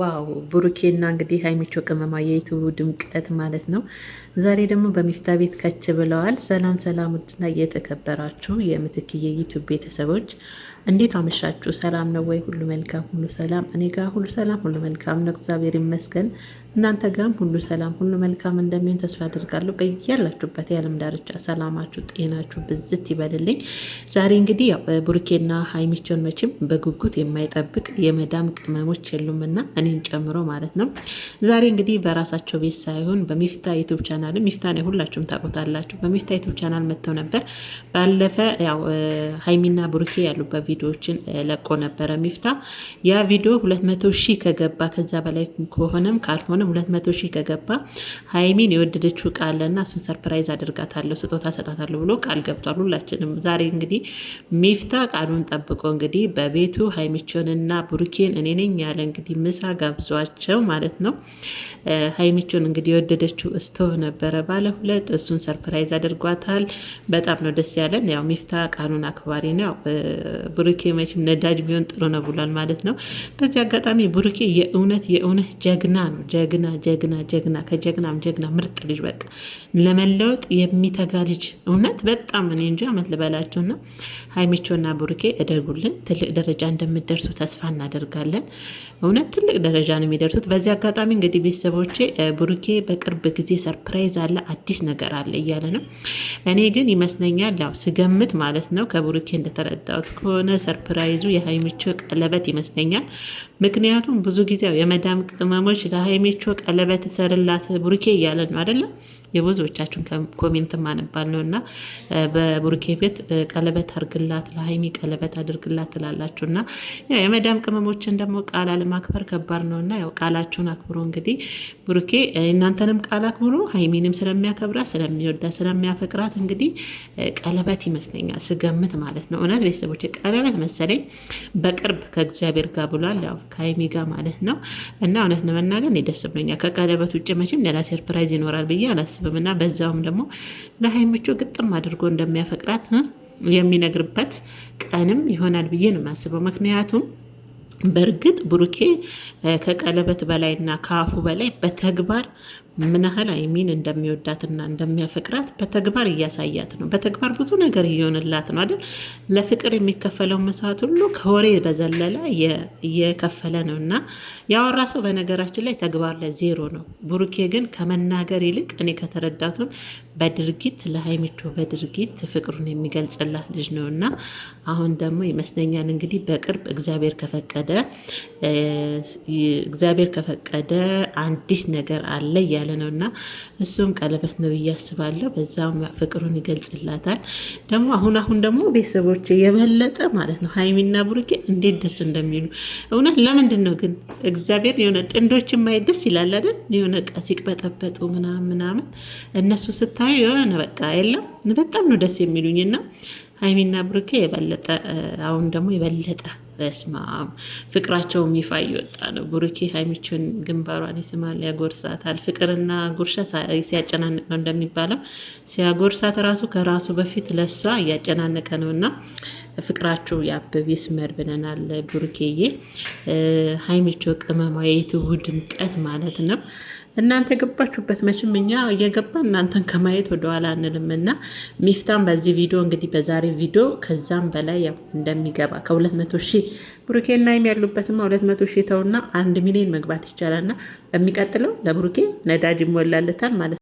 ዋው ብሩኬና እንግዲህ ሀይሚቾ ቅመማ የዩቱቡ ድምቀት ማለት ነው። ዛሬ ደግሞ በሚፍታ ቤት ከች ብለዋል። ሰላም ሰላም፣ ውድና እየተከበራችሁ የምትክዬ ዩቱብ ቤተሰቦች እንዴት አመሻችሁ? ሰላም ነው ወይ? ሁሉ መልካም፣ ሁሉ ሰላም። እኔ ጋር ሁሉ ሰላም፣ ሁሉ መልካም ነው፣ እግዚአብሔር ይመስገን። እናንተ ጋርም ሁሉ ሰላም፣ ሁሉ መልካም እንደሚሆን ተስፋ አድርጋለሁ። በያላችሁበት የዓለም ዳርቻ ሰላማችሁ፣ ጤናችሁ ብዝት ይበልልኝ። ዛሬ እንግዲህ ብሩኬና ሀይሚቾን መቼም በጉጉት የማይጠብቅ የመዳም ቅመሞች የሉምና እኔን ጨምሮ ማለት ነው። ዛሬ እንግዲህ በራሳቸው ቤት ሳይሆን በሚፍታ ዩቱብ ቻናል ሚፍታ ነው ሁላችሁም ታውቁታላችሁ። በሚፍታ ዩቱብ ቻናል መጥተው ነበር። ባለፈ ያው ሀይሚና ብሩኬ ያሉበት ቪዲዮዎችን ለቆ ነበረ ሚፍታ። ያ ቪዲዮ ሁለት መቶ ሺህ ከገባ ከዛ በላይ ከሆነም ካልሆነም ሁለት መቶ ሺህ ከገባ ሀይሚን የወደደችው ቃለና እሱን ሰርፕራይዝ አድርጋታለሁ ስጦታ ሰጣታለሁ ብሎ ቃል ገብቷል ሁላችንም። ዛሬ እንግዲህ ሚፍታ ቃሉን ጠብቆ እንግዲህ በቤቱ ሀይሚቾንና ብሩኬን እኔ ነኝ ያለ እንግዲህ ምሳ ጋብዟቸው ማለት ነው። ሀይሚቾን እንግዲህ የወደደችው እስቶቭ ነበረ ባለ ሁለት እሱን ሰርፕራይዝ አድርጓታል። በጣም ነው ደስ ያለን። ያው ሚፍታ ቃኑን አክባሪ ነው። ብሩኬ መቼም ነዳጅ ቢሆን ጥሩ ነው ብሏል ማለት ነው። በዚህ አጋጣሚ ብሩኬ የእውነት የእውነት ጀግና ነው። ጀግና ጀግና ጀግና ከጀግናም ጀግና ምርጥ ልጅ በቃ ለመለወጥ የሚተጋ ልጅ እውነት በጣም እኔ እንጂ አመት ልበላችሁ ልበላችሁና ሀይሚቾና ብሩኬ እደጉልን። ትልቅ ደረጃ እንደምደርሱ ተስፋ እናደርጋለን። እውነት ትልቅ ደረጃ ነው የሚደርሱት። በዚህ አጋጣሚ እንግዲህ ቤተሰቦቼ ብሩኬ በቅርብ ጊዜ ሰርፕራይዝ አለ፣ አዲስ ነገር አለ እያለ ነው። እኔ ግን ይመስለኛል ያው ስገምት ማለት ነው ከብሩኬ እንደተረዳሁት ከሆነ ሰርፕራይዙ የሀይሚቾ ቀለበት ይመስለኛል። ምክንያቱም ብዙ ጊዜ የመዳም ቅመሞች ለሀይሚቾ ቀለበት ሰርላት ብሩኬ እያለ ነው አይደለም የብዙዎቻችሁን ኮሜንት ማንባል ነው እና በቡርኬ ቤት ቀለበት አድርግላት ለሀይሚ ቀለበት አድርግላት ትላላችሁ እና የመዳም ቅመሞችን ደግሞ ቃል አለማክበር ከባድ ነው እና ያው ቃላችሁን አክብሮ እንግዲህ ቡርኬ እናንተንም ቃል አክብሮ ሀይሚንም ስለሚያከብራ ስለሚወዳ ስለሚያፈቅራት እንግዲህ ቀለበት ይመስለኛል ስገምት ማለት ነው። እውነት ቤተሰቦች ቀለበት መሰለኝ በቅርብ ከእግዚአብሔር ጋር ብሏል፣ ያው ከሀይሚ ጋር ማለት ነው እና እውነት ለመናገር ደስ ብሎኛል። ከቀለበት ውጭ መቼም ሌላ ሰርፕራይዝ ይኖራል ብዬ አላስ አያስብም እና በዛውም ደግሞ ለሀይምቹ ግጥም አድርጎ እንደሚያፈቅራት የሚነግርበት ቀንም ይሆናል ብዬ ነው የማስበው። ምክንያቱም በእርግጥ ብሩኬ ከቀለበት በላይና ከአፉ በላይ በተግባር ምን ያህል አይሚን እንደሚወዳትና እንደሚያፈቅራት በተግባር እያሳያት ነው። በተግባር ብዙ ነገር እየሆንላት ነው አይደል? ለፍቅር የሚከፈለው መስዋዕት ሁሉ ከወሬ በዘለለ እየከፈለ ነው እና ያወራ ሰው በነገራችን ላይ ተግባር ላይ ዜሮ ነው። ብሩኬ ግን ከመናገር ይልቅ እኔ ከተረዳቱን በድርጊት ለሀይሚቾ በድርጊት ፍቅሩን የሚገልጽላት ልጅ ነው እና አሁን ደግሞ ይመስለኛል እንግዲህ በቅርብ እግዚአብሔር ከፈቀደ እግዚአብሔር ከፈቀደ አዲስ ነገር አለ እያለ ያለ ነው እና እሱም ቀለበት ነው ብዬ አስባለሁ። በዛም ፍቅሩን ይገልጽላታል። ደግሞ አሁን አሁን ደግሞ ቤተሰቦች የበለጠ ማለት ነው ሀይሚና ብሩኬ እንዴት ደስ እንደሚሉ እውነት። ለምንድን ነው ግን እግዚአብሔር የሆነ ጥንዶች ማየት ደስ ይላል አይደል? የሆነ ቀሲቅ በጠበጡ ምናምን ምናምን እነሱ ስታዩ የሆነ በቃ የለም በጣም ነው ደስ የሚሉኝ እና ሀይሚና ብሩኬ የበለጠ አሁን ደግሞ የበለጠ በስማ ፍቅራቸውም ይፋ እየወጣ ነው። ብሩኬ ሀይሚችን ግንባሯን ይስማል፣ ያጎርሳታል። ፍቅርና ጉርሻ ሲያጨናንቅ ነው እንደሚባለው ሲያጎርሳት ራሱ ከራሱ በፊት ለሷ እያጨናነቀ ነው እና ፍቅራችሁ የአበብ ይስመር ብለናል። ብሩኬዬ ሀይሚቾ ቅመማ የትው ድምቀት ማለት ነው። እናንተ የገባችሁበት መቼም እኛ እየገባ እናንተን ከማየት ወደኋላ አንልም እና ሚፍታም በዚህ ቪዲዮ እንግዲህ በዛሬ ቪዲዮ ከዛም በላይ ያው እንደሚገባ ከ200 ሺህ ብሩኬና ይም ያሉበትማ 200 ሺህ ተውና አንድ ሚሊዮን መግባት ይቻላልና በሚቀጥለው ለብሩኬ ነዳጅ ይሞላለታል ማለት ነው።